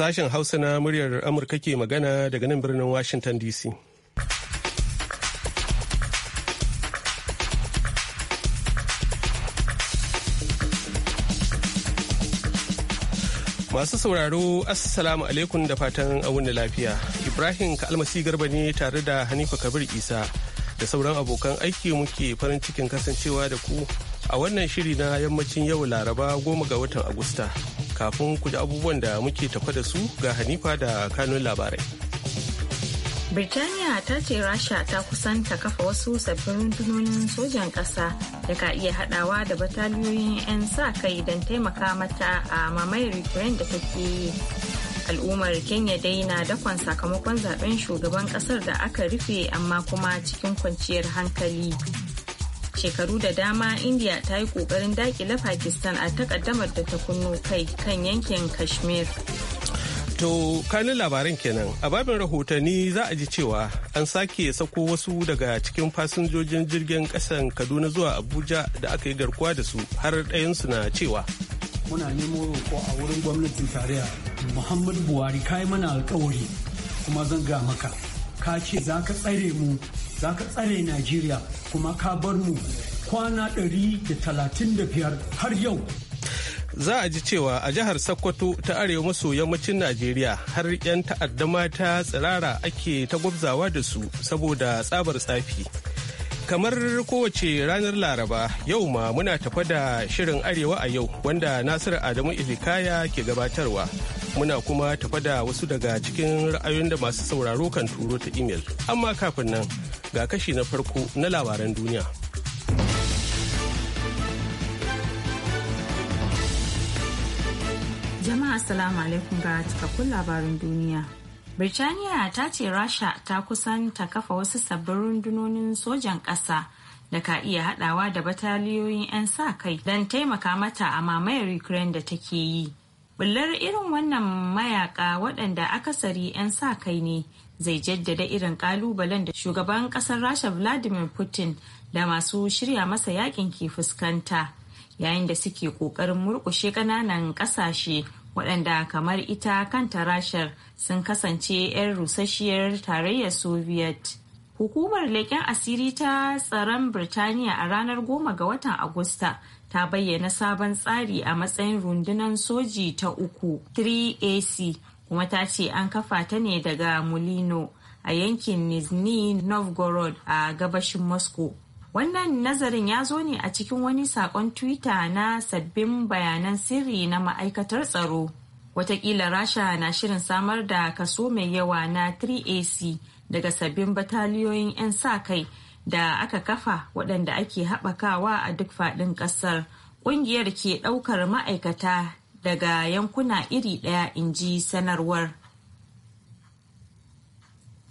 Sashen Hausa na muryar Amurka ke magana daga nan birnin Washington DC. Masu sauraro Assalamu alaikum da fatan da lafiya. Ibrahim Kalmasi Garba ne tare da Hanifa Kabir Isa da sauran abokan aiki muke farin cikin kasancewa da ku a wannan shiri na yammacin yau Laraba goma ga watan Agusta. kafin ku ji abubuwan da muke tafa da su ga Hanifa da kanun labarai. Birtaniya ta ce Rasha ta kusanta kafa wasu sabbin rundunonin sojan ƙasa da ka iya haɗawa da bataliyoyin 'yan sa kai don taimaka mata a mamayar Ukraine da take yi. Al'ummar Kenya dai na dakon sakamakon zaben shugaban ƙasar da aka rufe amma kuma cikin kwanciyar hankali. shekaru da dama india ta yi kokarin dakile pakistan a takaddamar da ta kunno kai kan yankin kashmir To kanin labaran kenan a babin rahotanni za a ji cewa an sake sako wasu daga cikin fasinjojin jirgin kasan Kaduna zuwa Abuja da aka yi garkuwa da su har ɗayansu na cewa. Muna nemo roƙo a wurin gwamnatin tarayya Muhammad Buhari kai mana alkawari kuma zan ga maka ka ce za ka tsare mu za ka tsare najeriya kuma ka bar mu kwana 135 har yau za a ji cewa a jihar Sokoto ta arewa maso yammacin Najeriya har 'yan ta'adda mata tsirara ake ta gwabzawa da su saboda tsabar tsafi. Kamar kowace ranar Laraba yau ma muna tafa da shirin Arewa a yau wanda Nasiru Adamu Ilikaya ke gabatarwa. Muna kuma tafa da wasu daga cikin ra'ayoyin da masu sauraro kan turo ta imel. Amma kafin nan ga kashi na farko na labaran duniya. Jama'a Assalamu alaikum ga cikakkun labarin duniya. Birtaniya ta ce Rasha ta kusan ta kafa wasu sabbin rundunonin sojan ƙasa da ka iya haɗawa da bataliyoyin 'yan sa kai don taimaka mata a mamayar Ukraine da take yi. Bullar irin wannan mayaka waɗanda akasari 'yan sa kai ne zai jaddada irin kalubalen da shugaban kasar rasha vladimir putin da masu shirya masa yakin ke fuskanta yayin da suke kokarin murkushe kananan kasashe waɗanda kamar ita kanta rashar sun kasance 'yan rusasshiyar tarayyar soviet hukumar leƙen asiri ta tsaron birtaniya a ranar 10 ga watan agusta ta bayyana sabon tsari a matsayin rundunar soji ta uku 3ac kuma ta ce an kafa ta ne daga Molino a yankin Nizhny Novgorod a gabashin Moscow. Wannan nazarin ya zo ne a cikin wani saƙon Twitter na sabbin bayanan sirri na ma'aikatar tsaro. Watakila Rasha na shirin samar da kaso mai yawa na 3AC daga sabbin bataliyoyin 'yan sa-kai da aka kafa waɗanda ake haɓakawa a duk faɗin ƙasar. Ƙungiyar ke ɗaukar ma'aikata daga yankuna iri ɗaya in ji sanarwar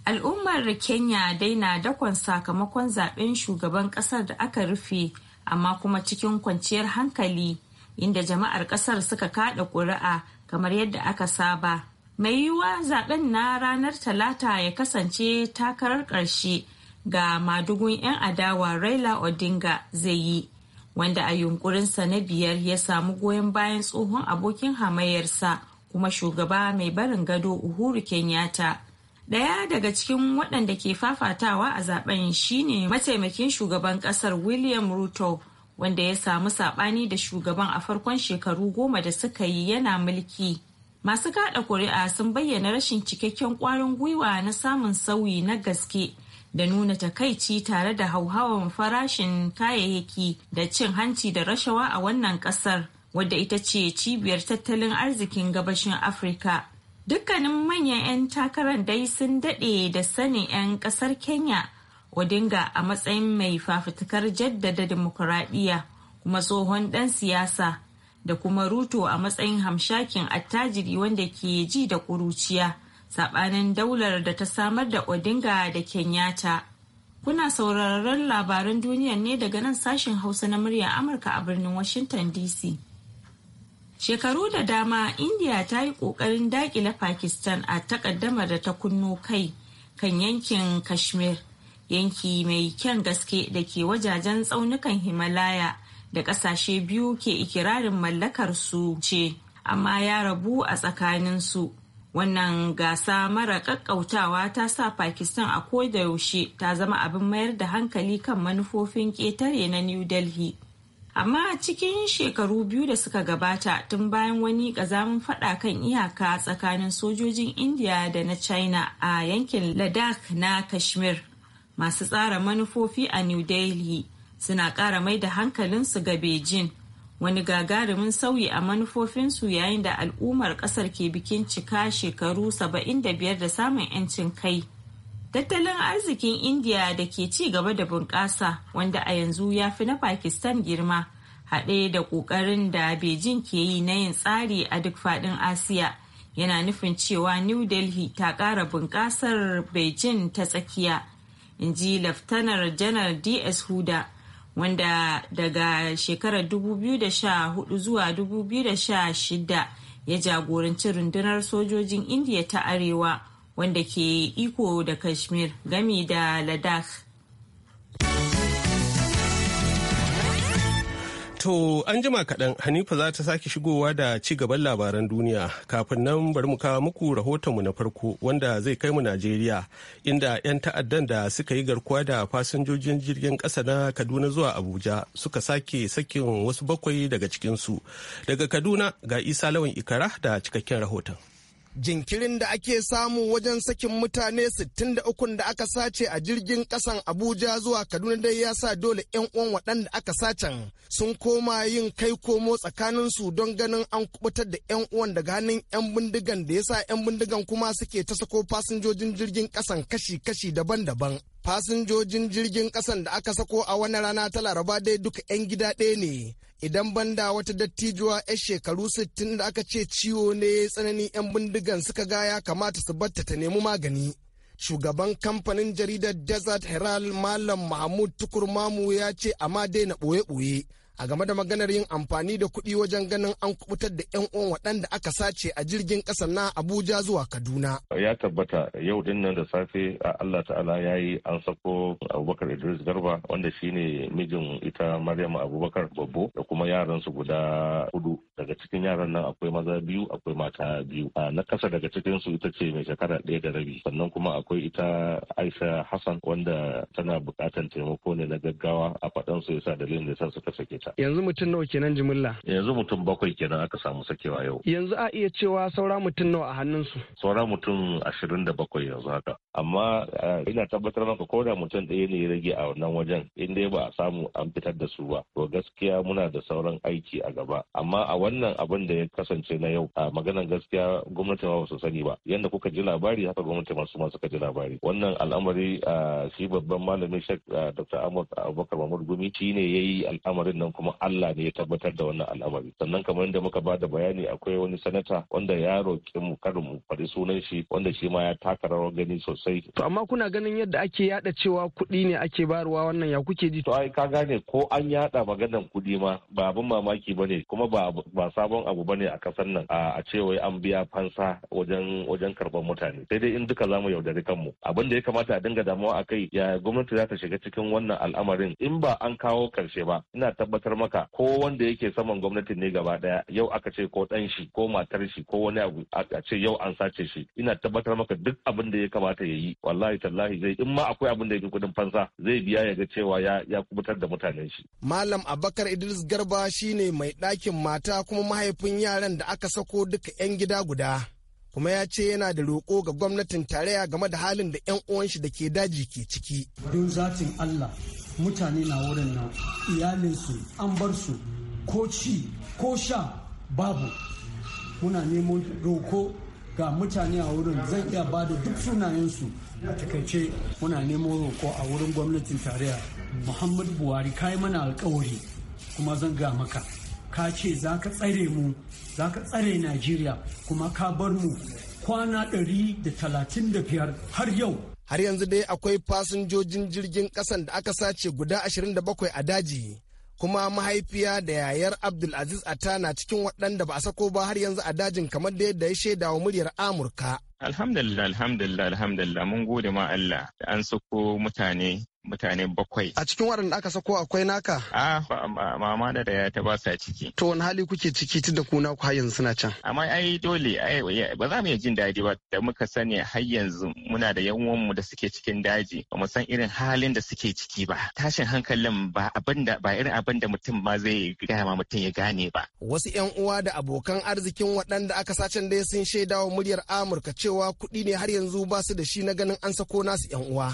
al'ummar kenya dai na dakon sakamakon zaben shugaban kasar da aka rufe amma kuma cikin kwanciyar hankali inda jama'ar kasar suka kada ƙuri'a kamar yadda aka saba mai yiwuwa zaben na ranar talata ya kasance takarar ƙarshe ga madugun 'yan adawa raila odinga zai yi wanda a yunkurinsa na biyar ya samu goyon bayan tsohon abokin hamayarsa kuma shugaba mai barin gado uhuru kenyatta daya daga cikin waɗanda ke fafatawa a zaben shine mataimakin shugaban ƙasar william ruto wanda ya samu saɓani da shugaban a farkon shekaru goma da suka yi yana mulki masu kaɗa kuri'a sun bayyana rashin cikakken ƙwarin gwiwa na samun sauyi na gaske da nuna takaici tare da hauhawan farashin kayayyaki da cin hanci da rashawa a wannan kasar wadda ita ce cibiyar tattalin arzikin gabashin afirka dukkanin manyan 'yan takarar dai sun daɗe da sanin 'yan ƙasar kenya odinga a matsayin mai fafutukar jaddada dimokuraɗiyya kuma tsohon ɗan siyasa da kuma ruto a matsayin hamshakin attajiri wanda ke ji da ƙuruciya. sabanin daular da ta samar da odinga da kenyatta kuna sauraron labaran duniya ne daga nan sashen hausa na muryar amurka a birnin washington dc shekaru da dama india ta yi kokarin dakile pakistan a taƙaddamar da ta kunno kai kan yankin kashmir yanki mai kyan gaske da ke wajajen tsaunukan himalaya da kasashe biyu ke ikirarin mallakar su ce amma ya rabu a tsakaninsu wannan gasa mara ƙaƙƙautawa ta sa pakistan a yaushe ta zama abin mayar da hankali kan manufofin ƙetare na new delhi amma cikin shekaru biyu da suka gabata tun bayan wani ƙazamin faɗa kan iyaka tsakanin sojojin india da na china a yankin ladakh na kashmir masu tsara manufofi a new delhi suna ƙara mai da hankalinsu ga beijing wani gagarumin sauyi a manufofinsu yayin da al'ummar kasar ke bikin cika shekaru 75 da samun 'yancin kai. Tattalin arzikin India da ke ci gaba da bunƙasa wanda a yanzu ya fi na Pakistan girma, haɗe da ƙoƙarin da Beijing ke yi na yin tsari a duk faɗin Asiya. Yana nufin cewa New Delhi ta ƙara bunƙasar Beijing ta tsakiya, in ji Laftanar Janar D.S. Huda. wanda daga shekarar 2014 zuwa 2016 ya jagoranci rundunar sojojin indiya ta arewa wanda ke iko da kashmir gami da ladakh To an jima kaɗan Hanifa za ta sake shigowa da ci gaban labaran duniya kafin nan bari mu kawo muku mu na farko wanda zai kai mu Najeriya inda 'yan ta'addan da suka yi garkuwa da fasinjojin jirgin ƙasa na Kaduna zuwa Abuja suka sake sakin wasu bakwai daga cikinsu. Daga Kaduna ga Isa Lawan Ikara da cikakken rahoton. jinkirin da ake samu wajen sakin mutane 63 da aka sace a jirgin kasan abuja zuwa kaduna dai ya sa dole 'yan uwan waɗanda aka sacen sun koma yin kai komo tsakaninsu don ganin an kubutar da 'yan uwan daga hannun 'yan bindigan da ya sa 'yan bindigan kuma suke ta sako fasinjojin jirgin kasan kashi-kashi daban-daban fasinjojin jirgin kasan da aka sako a wani rana ta laraba dai duka 'yan gida ɗaya ne idan banda wata dattijuwa yan shekaru 60 da aka ce ciwo ne tsananin 'yan bindigan suka ga ya kamata su batta ta nemi magani shugaban kamfanin jaridar desert herald malam mahmud tukur mamu ya ce amma dai na boye ɓoye a game da maganar yin amfani da kuɗi wajen ganin an kubutar da 'yan uwan waɗanda aka sace a jirgin ƙasa na Abuja zuwa Kaduna. Ya tabbata yau din nan da safe a Allah ta'ala ya yi an sako Abubakar Idris Garba wanda shine mijin ita Maryam Abubakar Babbo da kuma yaransu guda hudu daga cikin yaran nan akwai maza biyu akwai mata biyu a na kasa daga cikin su ita ce mai shekara ɗaya da rabi sannan kuma akwai ita aisha hassan wanda tana buƙatar taimako ne na gaggawa a faɗan su yasa dalilin da yasa suka sake ta yanzu mutum nawa kenan jimilla yanzu mutum bakwai kenan aka samu sakewa yau yanzu a iya cewa saura mutum nawa a hannun su saura mutum ashirin da bakwai yanzu haka amma ina tabbatar maka ko da mutum ɗaya ne ya rage a wannan wajen in dai ba a samu an fitar da su ba to gaskiya muna da sauran aiki a gaba amma a wannan abin da ya kasance na yau a maganan gaskiya gwamnati ma su sani ba yadda kuka ji labari haka gwamnati masu ma suka ji labari wannan al'amari a shi babban malamin shek dr ahmad abubakar mahmud gumi shi ne ya yi al'amarin nan kuma allah ne ya tabbatar da wannan al'amari sannan kamar yadda muka ba da bayani akwai wani sanata wanda ya roƙi mu karin mu faɗi sunan shi wanda shi ma ya taka rawar gani sosai. to amma kuna ganin yadda ake yada cewa kuɗi ne ake bayarwa wannan ya kuke ji. to ai ka gane ko an yada maganan kuɗi ma ba abin mamaki ba ne kuma ba ba sabon abu bane a kasar nan a cewa an biya fansa wajen wajen karban mutane sai dai in duka zamu yaudari kanmu abin da ya kamata a dinga damuwa a kai ya gwamnati za ta shiga cikin wannan al'amarin in ba an kawo karshe ba ina tabbatar maka ko wanda yake saman gwamnatin ne gaba daya yau aka ce ko dan shi ko matar shi ko wani abu a ce yau an sace shi ina tabbatar maka duk abin da ya kamata ya yi wallahi tallahi zai in ma akwai abin da yake kudin fansa zai biya ya ga cewa ya kubutar da mutanen shi malam abakar idris garba shine mai ɗakin mata kuma mahaifin yaran da aka sako duka 'yan gida guda kuma ya ce yana da roƙo ga gwamnatin tarayya game da halin da 'yan uwan shi da ke daji ke ciki. Don zatin Allah mutane na wurin nan iyalinsu an bar su ko ci ko sha babu muna nemo roƙo ga mutane a wurin zan iya ba da duk sunayensu a takaice muna nemo roƙo a wurin gwamnatin tarayya muhammadu buhari kai mana alkawari kuma zan ga maka ka ce za ka tsare mu za ka tsare najeriya kuma ka bar mu kwana 135 har yau har yanzu dai akwai fasinjojin jirgin kasan da aka sace guda 27 a daji kuma mahaifiya da yayar abdulaziz ata na cikin waɗanda ba a sako ba har yanzu a dajin kamar da yadda ya shaida wa muryar amurka Alhamdulillah, alhamdulillah, alhamdulillah, mun gode ma Allah da an sako mutane mutane bakwai. A cikin waɗanda aka sako akwai naka? A mama da da ta ba sa ciki. To wani hali kuke ciki tun da kuna ku har yanzu suna can? Amma ai dole ba za mu yi jin daji ba da muka sani har yanzu muna da yan mu da suke cikin daji ba mu san irin halin da suke ciki ba. Tashin hankalin ba abin da ba irin abin mutum ma zai gaya ma mutum ya gane ba. Wasu 'yan uwa da abokan arzikin waɗanda aka sacen dai sun shaidawa muryar Amurka cewa cewa kuɗi ne har yanzu ba su da shi na ganin an sako nasu 'yan uwa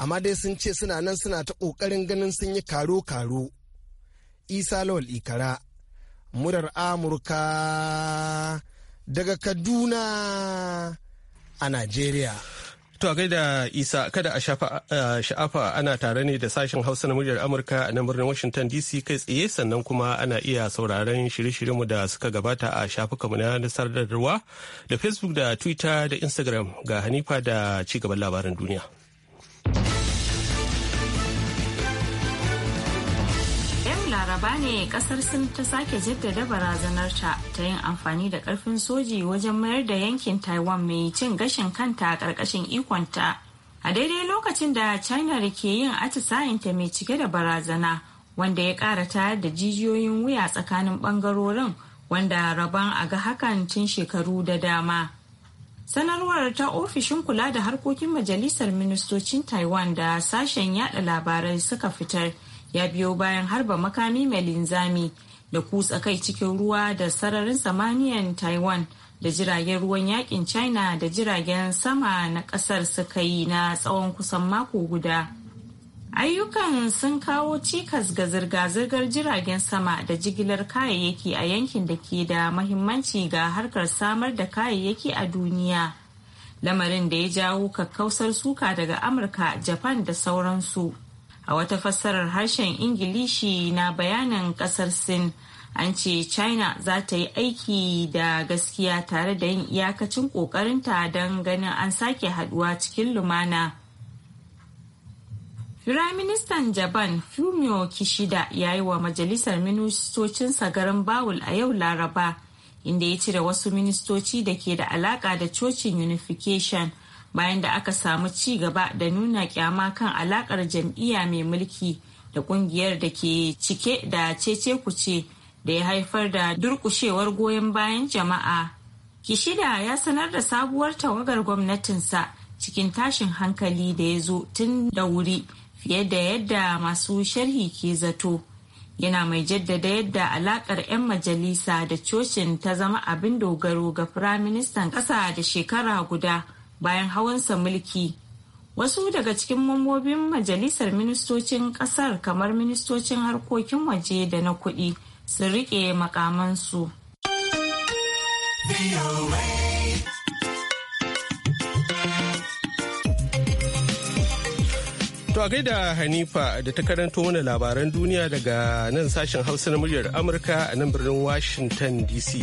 amma dai sun ce suna nan suna ta ƙoƙarin ganin sun yi karo-karo isa lawal ikara murar amurka daga kaduna a najeriya To a gaida Isa kada a sha'afa ana tare ne da sashen Hausa na muryar Amurka a nan birnin Washington DC kai tsaye sannan kuma ana iya sauraren shirye-shiryenmu da suka gabata a shafukanmu na sadarwa da Facebook da Twitter da Instagram ga Hanifa da cigaban labaran duniya. laraba ne kasar sin ta sake jaddada barazanarta ta yin amfani da karfin soji wajen mayar da yankin taiwan mai cin gashin kanta karkashin ikonta a daidai lokacin da china da ke yin atisayinta mai cike da barazana wanda ya kara tayar da jijiyoyin wuya tsakanin bangarorin wanda rabon a ga hakan tun shekaru da dama sanarwar ta ofishin kula da harkokin majalisar ministocin taiwan da sashen yada labarai suka fitar ya biyo bayan harba makami mai linzami da kutsa kai cikin ruwa da sararin samaniyan taiwan da jiragen ruwan yakin china da jiragen sama na kasar suka yi na tsawon kusan mako guda ayyukan sun kawo cikas ga zirga-zirgar jiragen sama da jigilar kayayyaki a yankin da ke da mahimmanci ga harkar samar da kayayyaki a duniya lamarin da ya jawo kakkausar suka daga amurka japan da sauransu a wata fassarar harshen ingilishi na bayanin kasar sin an ce china za ta yi aiki da gaskiya tare da yin iyakacin kokarinta don ganin an sake haduwa cikin lumana Firaministan Japan Fumio Kishida ya yi wa majalisar ministocinsa garin Bawul a yau Laraba, inda ya cire wasu ministoci da ke da alaka da cocin Unification bayan da aka samu ci gaba da nuna kyama kan alakar jam'iyya mai mulki da kungiyar da ke cike da cece kuce da ya haifar da durkushewar goyon bayan jama'a kishida ya sanar da sabuwar tawagar gwamnatinsa cikin tashin hankali da ya zo tun da wuri fiye da yadda masu sharhi ke zato yana mai jaddada yadda alakar 'yan majalisa da cocin ta zama abin dogaro ga firaministan ƙasa da shekara guda bayan hawansa mulki wasu daga cikin mambobin majalisar ministocin kasar kamar ministocin harkokin waje da na kuɗi sun riƙe makamansu. To a gaida Hanifa da ta karanto mana labaran duniya daga nan sashen hausa na muryar Amurka a nan birnin Washington DC.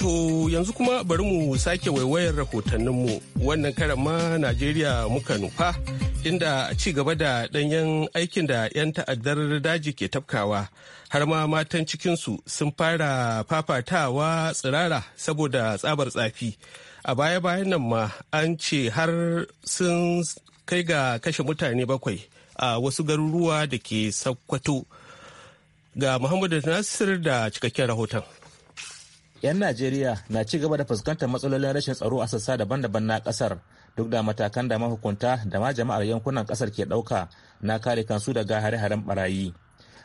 To yanzu kuma bari mu sake waiwayar rahotanninmu wannan karan ma Najeriya muka nufa inda a ci gaba da ɗanyen aikin da 'yan ta'addar daji ke tafkawa har ma matan cikinsu sun fara fafatawa tsirara saboda tsabar tsafi. A baya-bayan nan ma an ce har sun kai ga kashe mutane bakwai a wasu garuruwa da ke Sakkwato. Ga Muhammadu Nasir da cikakken rahoton. 'yan najeriya na ci gaba da fuskantar matsalolin rashin tsaro a sassa daban-daban na kasar duk da matakan da mahukunta da ma jama'ar yankunan kasar ke ɗauka na kare kansu daga hare-haren barayi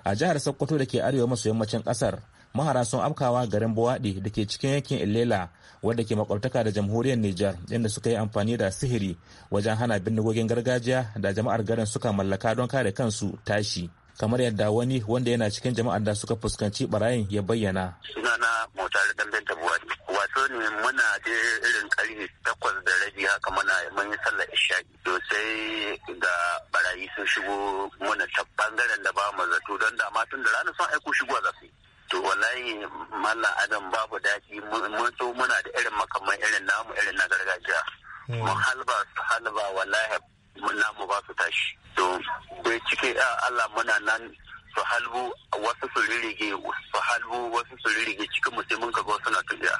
a jihar sokoto da ke arewa maso yammacin kasar mahara sun afkawa garin buwaɗi da ke cikin yankin ilela wadda ke makwabtaka da jamhuriyar nijar inda suka yi amfani da sihiri wajen hana bindigogin gargajiya da jama'ar garin suka mallaka don kare kansu tashi kamar yadda wani wanda yana cikin jama'ar da suka fuskanci barayin ya bayyana. Sunana motar damben tabuwa wato ne muna da irin karfe takwas da rabi haka muna mun yi sallar isha'i to sai ga barayi sun shigo muna ta bangaren da ba mu zato don da ma tun da rana sun aiko shigo za su to wallahi mallam adam babu daɗi mun so muna da irin makamai irin namu irin na gargajiya. Mun hmm. halba halba wallahi mu ba su tashi to bai cike Allah muna nan su halbu wasu su ririge su halbu wasu su ririge cikin musulmin ka ga suna tafiya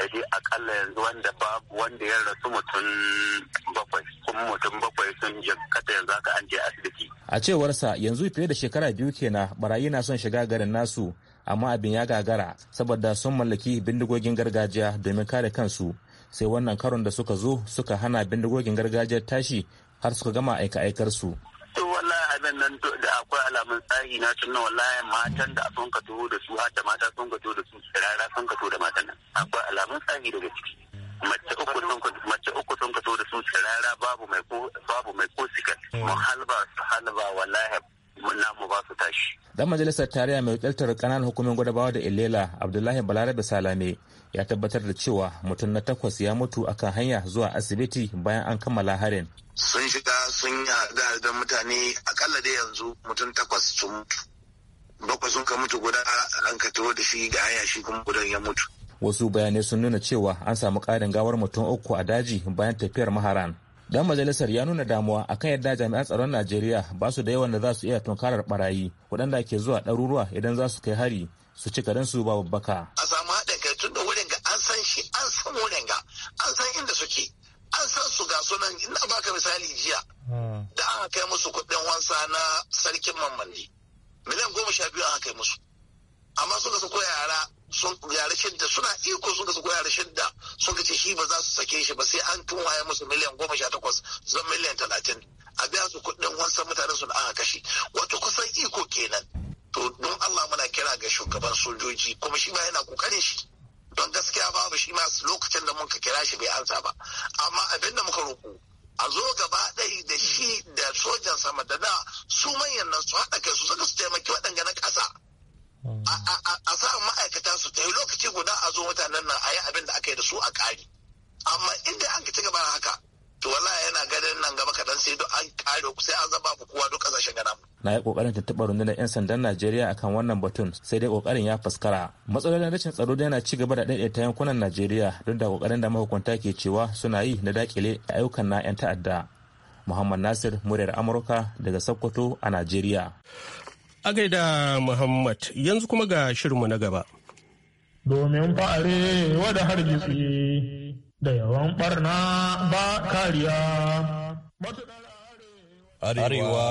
eh, a akalla yanzu wanda babu wanda ya rasu mutum bakwai kuma mutum bakwai sun kata yanzu haka an je asibiti. A cewarsa yanzu fiye da shekara biyu kenan barayi na son shiga garin nasu amma abin ya gagara saboda sun mallaki bindigogin gargajiya domin kare kansu sai wannan karon da suka zo suka hana bindigogin gargajiyar tashi har suka gama aika-aikar su. to wallahi abin nan da akwai alamun tsari na tunan wallahi matan da sun ka taho da su har da mata sun ka taho da su tsirara sun ka taho da matan nan akwai alamun tsari daga ciki mace uku sun ka mace uku sun ka taho da su tsirara babu mai ko babu mai ko sikal mu halba su halba wallahi mu ba su tashi. Dan majalisar tarayya mai wakiltar kananan hukumin gwadabawa da Ilela Abdullahi Balarabe Salame ya tabbatar da cewa mutum na takwas ya mutu akan hanya zuwa asibiti bayan an kammala harin. sun shiga sun yi hada da mutane akalla da yanzu mutum takwas sun mutu bakwai sun ka mutu guda an ka da shi ga haya shi kuma gudan ya mutu wasu bayanai sun nuna cewa an samu ƙarin gawar mutum uku a daji bayan tafiyar maharan dan majalisar ya nuna damuwa akan yadda jami'an tsaron najeriya ba su da yawan da za su iya tunkarar barayi waɗanda ke zuwa ɗaruruwa idan za su kai hari su ci karen su ba babbaka a samu haɗin kai tun da wurin ga an san shi an san wurin ga an san inda suke an san su ga sunan ina baka misali jiya hmm. da aka kai musu kuɗin wansa na sarkin mamalli miliyan goma sha biyu an kai musu amma suka sako yara sun yara shidda suna iko suka sako yara shidda suka ce shi ba za su sake shi ba sai an tun waye musu miliyan goma sha takwas zan miliyan talatin a biya su kuɗin wansa mutanen su da aka kashe wato kusan iko kenan to don Allah muna kira ga shugaban sojoji kuma shi ba yana kokarin shi don gaskiya babu shi masu lokacin da muka kira shi bai ansa ba amma abin da muka roƙo a zo gaba ɗaya da shi da sojan sama da da su manyan nan su haɗa kai su suka su taimaki waɗanda na ƙasa a sa ma'aikata su ta yi lokaci guda a zo mutanen nan a yi abin da aka yi da su a ƙari amma inda an ci gaba haka to wala yana ganin nan gaba kaɗan sai duk an kare sai an zaba kowa duk kasashen gana na yi kokarin tuntuɓa rundunar 'yan sandan najeriya akan wannan batun sai dai kokarin ya faskara matsalolin rashin tsaro da yana ci gaba da ta yankunan najeriya duk da kokarin da mahukunta ke cewa suna yi na dakile ayyukan na 'yan ta'adda muhammad nasir muryar amurka daga sokoto a najeriya a gaida muhammad yanzu kuma ga shirinmu na gaba domin fa'are da hargitsi da yawan barna ba kariya. Arewa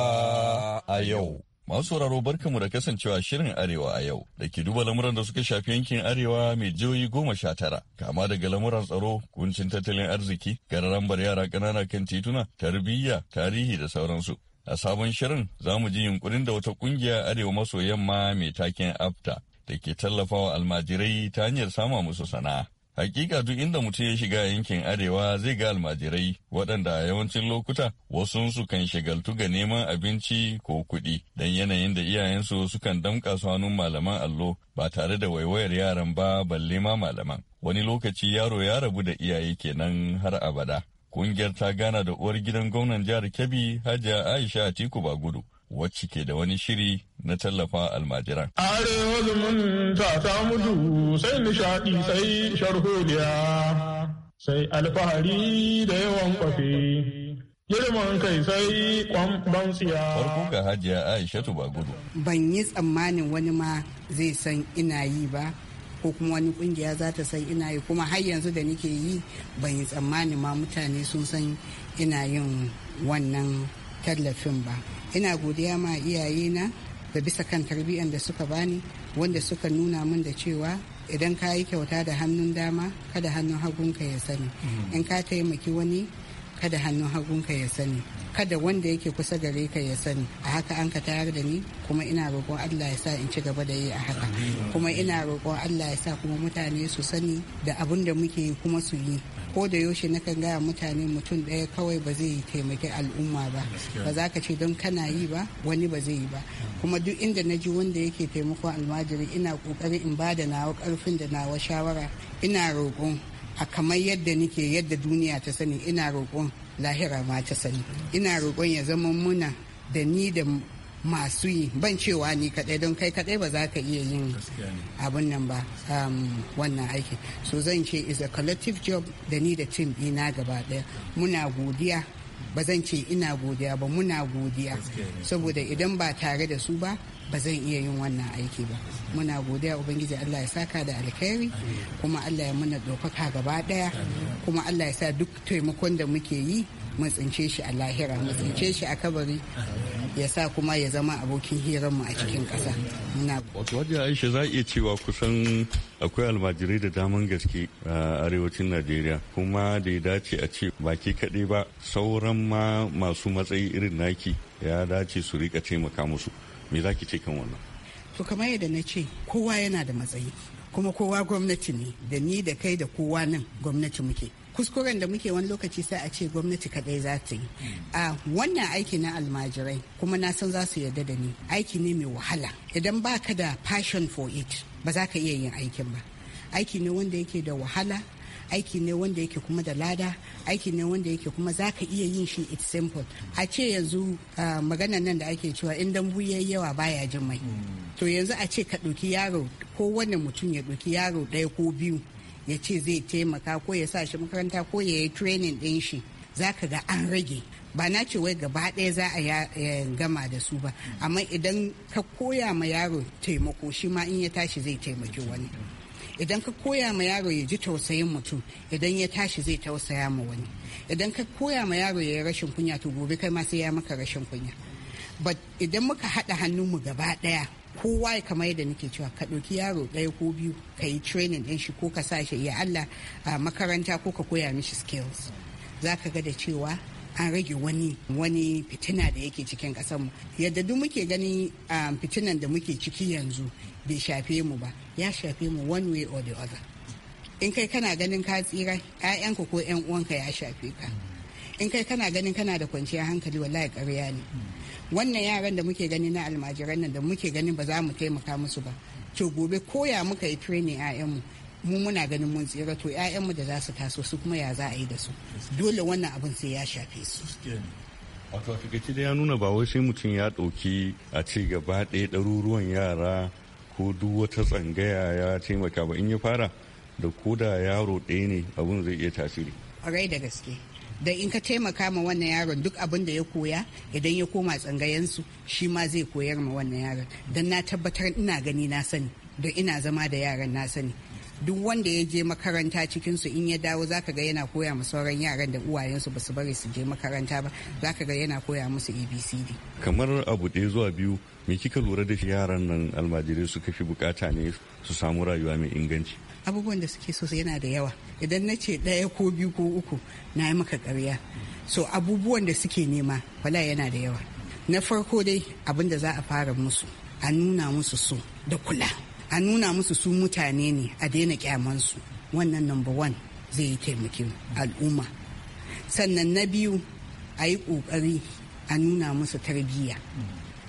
a yau. Masu sauraro mu da kasancewa shirin Arewa a yau da ke duba lamuran da suka shafi yankin Arewa mai jihohi goma sha tara, kama daga lamuran tsaro, kuncin tattalin arziki, gararambar yara ƙanana kan tituna, tarbiyya, tarihi da sauransu. A sabon shirin za mu ji yunkurin da wata kungiya Arewa maso yamma mai taken AFTA da ke tallafawa almajirai ta hanyar sama musu sana'a. Hakika duk inda mutum ya shiga yankin arewa zai ga almajirai waɗanda a yawancin lokuta wasunsu kan shagaltu ga neman abinci ko kuɗi don yanayin da iyayensu sukan damƙa su hannun malaman allo ba tare da waiwayar yaran ba balle ma malaman. Wani lokaci yaro ya rabu da iyaye kenan har abada. ƙungiyar ta gana da uwar gidan gwamnan jihar Kebbi Hajiya Aisha Atiku gudu. wacce ke da wani shiri na tallafa almajiran. Arewa zumunta ta mudu sai nishaɗi sai sharholiya sai alfahari da yawan kwafe. Girman kai sai kwamban tsiya. Farko ga hajiya Aishatu ba gudu. Ban yi tsammanin wani ma zai san ina yi ba. ko kuma wani kungiya za ta san ina yi kuma har yanzu da nake yi ban yi tsammanin ma mutane sun san ina yin wannan tallafin ba ina godiya ma iyayena da bisa kan tarbiyyar da suka bani wanda suka nuna min da cewa idan ka yi kyauta da hannun dama kada hannun hagunka ya sani in ka taimaki wani kada hannun hagunka ya sani kada wanda yake kusa gare ka ya sani a haka an ka tayar da ni kuma ina roƙon Allah ya sa in ci gaba da yi a haka kuma ina roƙon Allah ya sa kuma mutane su sani da abin da muke yi kuma su yi ko da yaushe na kan gaya mutane mutum ɗaya kawai ba zai taimaki al'umma ba ba za ka ce don kana yi ba wani ba zai yi ba kuma duk inda na ji wanda yake taimakon almajiri ina kokari in ba da nawa karfin da nawa shawara ina roƙon a kamar yadda nike yadda duniya ta sani ina roƙon lahira ma ta sani ina roƙon ya zama muna da ni da masu yi ban cewa ni kadai don kai kadai ba za ka iya yin abun nan ba um, wannan aiki so zan ce is a collective job da ni da tim ina gaba daya muna godiya ba zan ce ina godiya ba muna godiya saboda idan ba tare da su ba ba zan iya yin wannan aiki ba muna godiya ubangiji allah ya saka da alkhairi kuma allah ya muna ɗaukaka gaba daya kuma allah ya sa duk taimakon da muke yi mu tsince shi a lahira mu tsince shi a kabari ya sa kuma ya zama abokin hiranmu a cikin ƙasa. Wato wajen Aisha za a iya cewa kusan akwai almajirai da daman gaske a arewacin Najeriya kuma da ya dace a ce baki kaɗai ba sauran ma masu matsayi irin naki ya dace su rika taimaka musu. Me za ki ce kan wannan? To kamar yadda na ce kowa yana da matsayi kuma kowa gwamnati ne da ni da kai da kowa nan gwamnati muke. kuskuren da muke wani lokaci sai a ce gwamnati kadai za ta yi a wannan aiki na almajirai kuma na san za su yarda da ni aiki ne mai wahala idan baka da passion for it ba za ka iya yin aikin ba aiki ne wanda yake da wahala aiki ne wanda yake kuma da lada aiki ne wanda yake kuma za ka iya yin shi it's simple a ce yanzu magana nan da ake cewa in dambu ya yawa baya jin mai hmm. to yanzu a ce ka ɗauki yaro ko wani mutum ya ɗauki yaro ɗaya ko biyu ya ce zai taimaka ko ya sa shi makaranta ko ya yi training din shi za ka ga an rage ba na ce wai gaba ɗaya za a gama da su ba amma idan ka koya ma yaro taimako shi ma in ya tashi zai taimaki wani idan ka koya ma yaro ya ji tausayin mutum idan ya tashi zai tausaya ma wani idan ka koya ma yaro ya yi rashin kunya to gobe kai ma sai ya maka rashin kunya idan muka haɗa mu gaba ɗaya kowa ya kamar yadda nake cewa ka ɗauki yaro ɗaya ko biyu ka yi training ɗin shi ko ka sa shi ya Allah a makaranta ko ka koya mishi skills za ka ga da cewa an rage wani wani fitina da yake cikin mu yadda duk muke gani fitinan da muke ciki yanzu bai shafe mu ba ya shafe mu one way or the other in kai kana ganin ka tsira 'ya'yanka ko 'yan uwanka ya shafe ka in kai kana ganin kana da kwanciyar hankali wallahi ƙarya ne wannan yaran da muke gani na almajiran nan da muke ganin ba za mu taimaka musu ba to gobe koya muka yi training 'ya'yanmu mu muna ganin mun tsira to 'ya'yanmu da za su taso su kuma ya za a yi da su dole wannan abin sai ya shafe su wato a da ya nuna ba wai sai mutum ya ɗauki a ci gaba ɗaya ɗaruruwan yara ko duk wata tsangaya ya taimaka ba in ya fara da koda yaro ɗaya ne abun zai iya tasiri ƙwarai da gaske da in ka taimaka ma wannan yaron duk abin da ya koya idan ya koma tsangayensu shi ma zai koyar ma wannan yaron don na tabbatar ina gani na sani don ina zama da yaran na sani duk wanda ya je makaranta cikinsu in ya dawo zaka ga yana koya ma sauran yaran da uwayensu basu bari su je makaranta ba zaka ga yana koya musu abcd kamar abu ɗaya zuwa biyu me kika lura da yaran nan almajirai suka fi bukata ne su samu rayuwa mai inganci abubuwan da suke so yana da yawa idan na ce ɗaya ko biyu ko uku na yi maka ƙarya so abubuwan da suke nema wala yana da yawa na farko dai abin da za a fara musu a nuna musu su da kula a nuna musu su mutane ne a daina kyamansu wannan number one zai yi taimakin al'umma sannan na biyu a yi ƙoƙari a nuna musu tarbiyya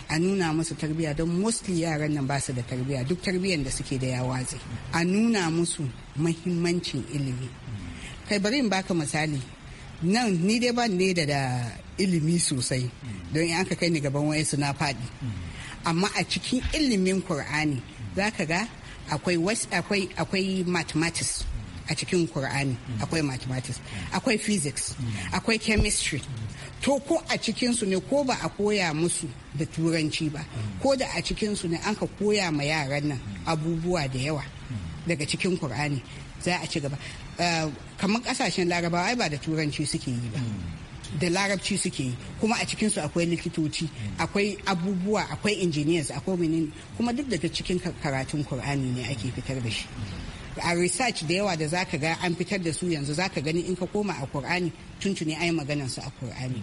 a nuna musu tarbiyya don mostly yaran nan ba su da tarbiyya duk tarbiyan da suke da ya watse a nuna musu mahimmancin ilimi kai bari in baka misali nan ni dai ban ne da ilimi sosai don in aka kai ni gaban wayansu na faɗi amma a cikin ilimin kur'ani za ka ga akwai akwai mathematics a cikin Kur'ani akwai mathematics akwai physics akwai chemistry to ko a cikinsu ne ko ba a koya musu da turanci ba ko da a cikinsu ne an ka koya ma yaran nan abubuwa da yawa daga cikin Kur'ani za a ci gaba eh, kamar kasashen larabawa ai ba da turanci suke yi ba da larabci suke yi kuma a cikinsu akwai likitoci akwai abubuwa akwai engineers akwai menene kuma duk daga cikin karatun kur'ani ne ake fitar da shi a research da yawa da zaka ga an fitar da su yanzu zaka gani in ka koma a Kur'ani tuntuni ai maganar su a Kur'ani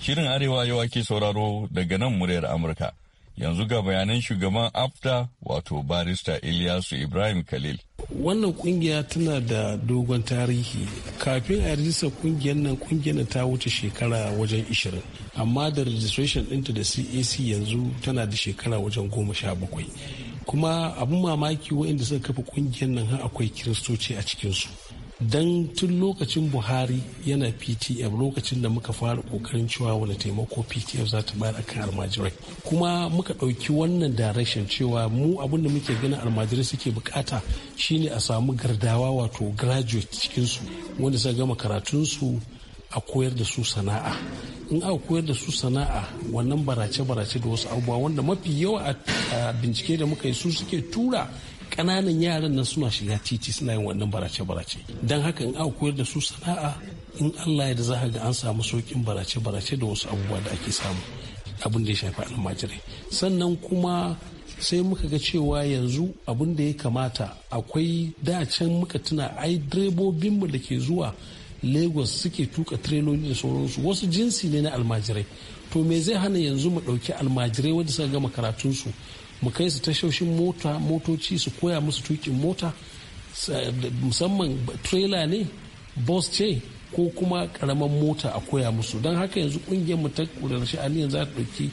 Shirin Arewa yau ake sauraro daga nan muryar Amurka yanzu ga bayanan shugaban afta wato barista Ilyasu Ibrahim Khalil wannan kungiya tana da dogon tarihi kafin a rijista kungiyar nan kungiyar ta wuce shekara wajen 20 amma da registration ɗinta da cac yanzu tana da shekara wajen 17 kuma abun mamaki wa'inda suka kafa ƙungiyar nan har akwai kiristoci a cikinsu don tun lokacin buhari yana ptf lokacin da muka fara kokarin cewa wani taimako ptf za ta bayar akan almajirai kuma muka ɗauki wannan direction cewa mu abin da muke ganin almajirai suke bukata shine a samu gardawa wato graduate cikinsu wanda suka gama karatunsu a koyar da su sana'a in aka koyar da su sana'a wannan barace-barace da wasu abubuwa wanda mafi yawa a bincike da muka yi su suke tura ƙananan yaran nan suna shiga titi suna yin wannan barace-barace don haka in aka koyar da su sana'a in allah ya da za ga an samu saukin barace-barace da wasu abubuwa da ake samu abin da ya shafi almajirai sannan kuma sai muka ga cewa yanzu abin da ya kamata akwai dacen muka tuna ai direbobinmu da ke zuwa lagos suke tuka tireloli da sauransu wasu jinsi ne na almajirai to me zai hana yanzu mu ɗauki almajirai wanda suka gama karatunsu mu kai su tashoshin mota motoci su koya musu tukin mota musamman trailer ne bus ce ko kuma karamar mota a koya musu don haka yanzu kungiyar mu ta kudar sha'aniyan za ta ɗauki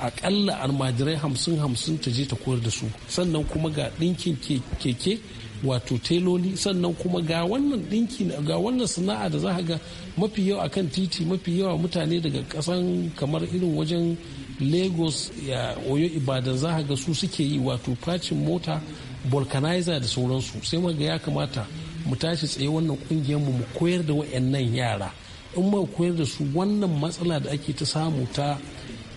akalla almajirai hamsin hamsin ta je ta koyar da su sannan kuma ga ɗinkin keke wato teloli sannan kuma ga wannan dinki ga wannan sana'a da za ga mafi yawa akan titi mafi yawa mutane daga kasan kamar irin wajen lagos ya oyo ibadan za ga su suke yi wato facin mota vulcanizer da sauransu sai ga ya kamata mu tashi tsaye wannan kungiyar mu mu koyar da wayannan yara in ma koyar da su wannan matsala da ake ta samu ta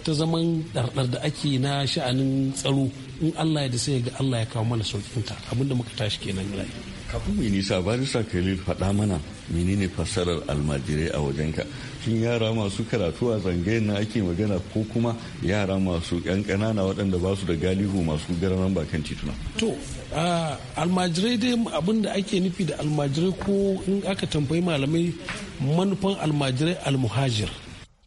ta zaman ɗarɗar da ake na sha'anin tsaro in Allah ya da sai ga Allah ya kawo mana saukinta abinda muka tashi kenan rai kafin mai nisa barisa khalil faɗa mana menene fassarar almajirai a wajenka shin yara masu karatu a zangayar na ake magana ko kuma yara masu yan ƙanana waɗanda ba su da galihu masu garaman bakan tituna to almajirai dai abin da ake nufi da almajirai ko in aka tambayi malamai manufan almajirai almuhajir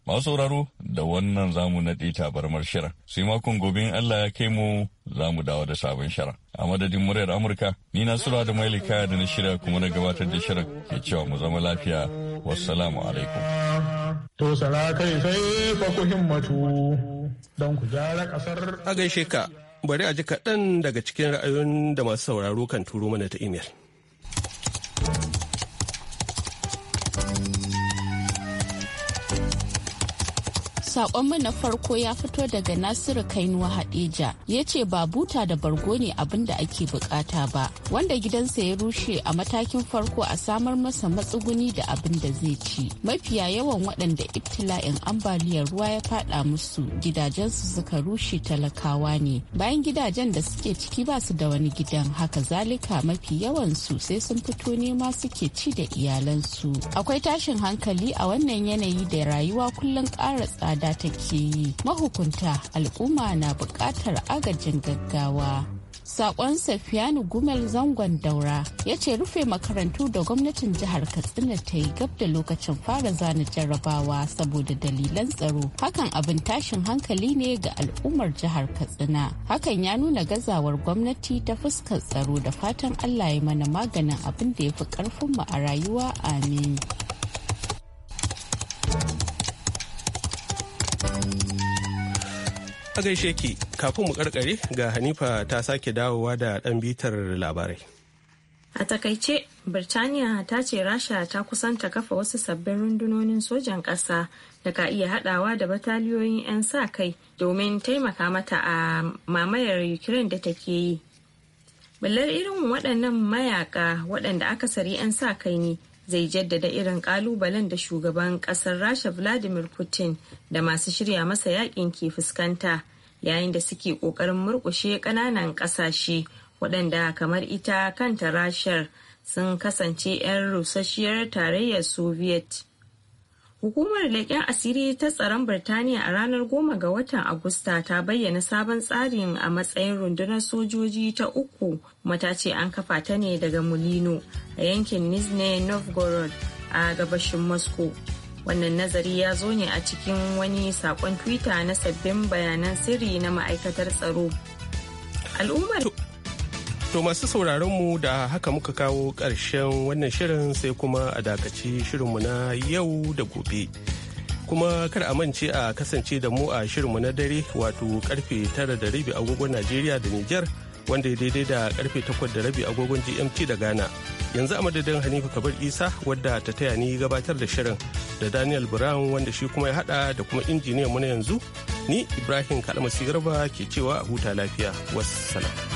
Masu sauraro da wannan zamu naɗe tabarmar shirin. Sai makon gobe in Allah ya kai mu za mu dawo da sabon shirin. A madadin muryar Amurka, ni na sura da mai kaya da na shirya kuma na gabatar da shirin ke cewa mu zama lafiya. Wassalamu alaikum. To sala sai fa ku himmatu don ku gyara kasar. A gaishe ka, bari a ji kaɗan daga cikin ra'ayoyin da masu sauraro kan turo mana ta imel. Sakonmu na farko ya fito daga Nasiru Kainuwa Hadeja ya ce ba buta da bargo ne abin da ake bukata ba wanda gidansa ya rushe a matakin farko a samar masa matsuguni da abin da zai ci. Mafiya yawan waɗanda ibtila'in ambaliyar ruwa ya fada musu gidajensu suka rushe talakawa ne bayan gidajen da suke ciki ba su da wani gidan haka zalika mafi yawan su sai sun fito nema suke ci da iyalansu. Akwai tashin hankali a wannan yanayi da rayuwa kullum ƙara tsada ta'adda take yi mahukunta al'umma na buƙatar agajin gaggawa saƙon Safiyanu Gumel Zangon Daura ya ce rufe makarantu da gwamnatin jihar Katsina ta yi gab da lokacin fara zana jarrabawa saboda dalilan tsaro. Hakan abin tashin hankali ne ga al'ummar jihar Katsina. Hakan ya nuna gazawar gwamnati ta fuskar tsaro da fatan Allah ya mana maganin abin da ya fi mu a rayuwa amin. A gaishe ki kafin mu karkare ga Hanifa ta sake dawowa da ɗan bitar labarai. A takaice, Birtaniya ta ce Rasha ta kusanta kafa wasu sabbin rundunonin sojan ƙasa da ka iya haɗawa da bataliyoyin 'yan sa kai domin taimaka mata a mamayar Ukraine da take yi. Ballar irin waɗannan mayaka waɗanda aka sari 'yan sa kai ne zai jaddada irin kalubalen da shugaban kasar rasha vladimir putin da masu shirya masa yakin ke fuskanta yayin da suke kokarin murkushe kananan kasashe waɗanda kamar ita kanta rashar sun kasance 'yan rusasshiyar tarayyar soviet Hukumar leƙen asiri ta tsaron Birtaniya a ranar goma ga watan Agusta ta bayyana sabon tsarin a matsayin rundunar sojoji ta uku matace an kafa ta ne daga Mulino a yankin Nizhny Novgorod a gabashin Moscow. Wannan nazari ya zo ne a cikin wani saƙon Twitter na sabbin bayanan sirri na ma'aikatar tsaro. Al'ummar To masu sauraron mu da haka muka kawo ƙarshen wannan shirin sai kuma a dakaci shirinmu na yau da gobe. Kuma kar a mance a kasance da mu a shirinmu na dare wato karfe tara da rabi agogon Najeriya da Nijar wanda ya daidai da karfe takwas da rabi agogon GMT da Ghana. Yanzu a madadin Hanifa Kabar Isa wadda ta taya ni gabatar da shirin da Daniel Brown wanda shi kuma ya hada da kuma injiniyan mu na yanzu ni Ibrahim Kalmasi Garba ke cewa huta lafiya. Wassalam.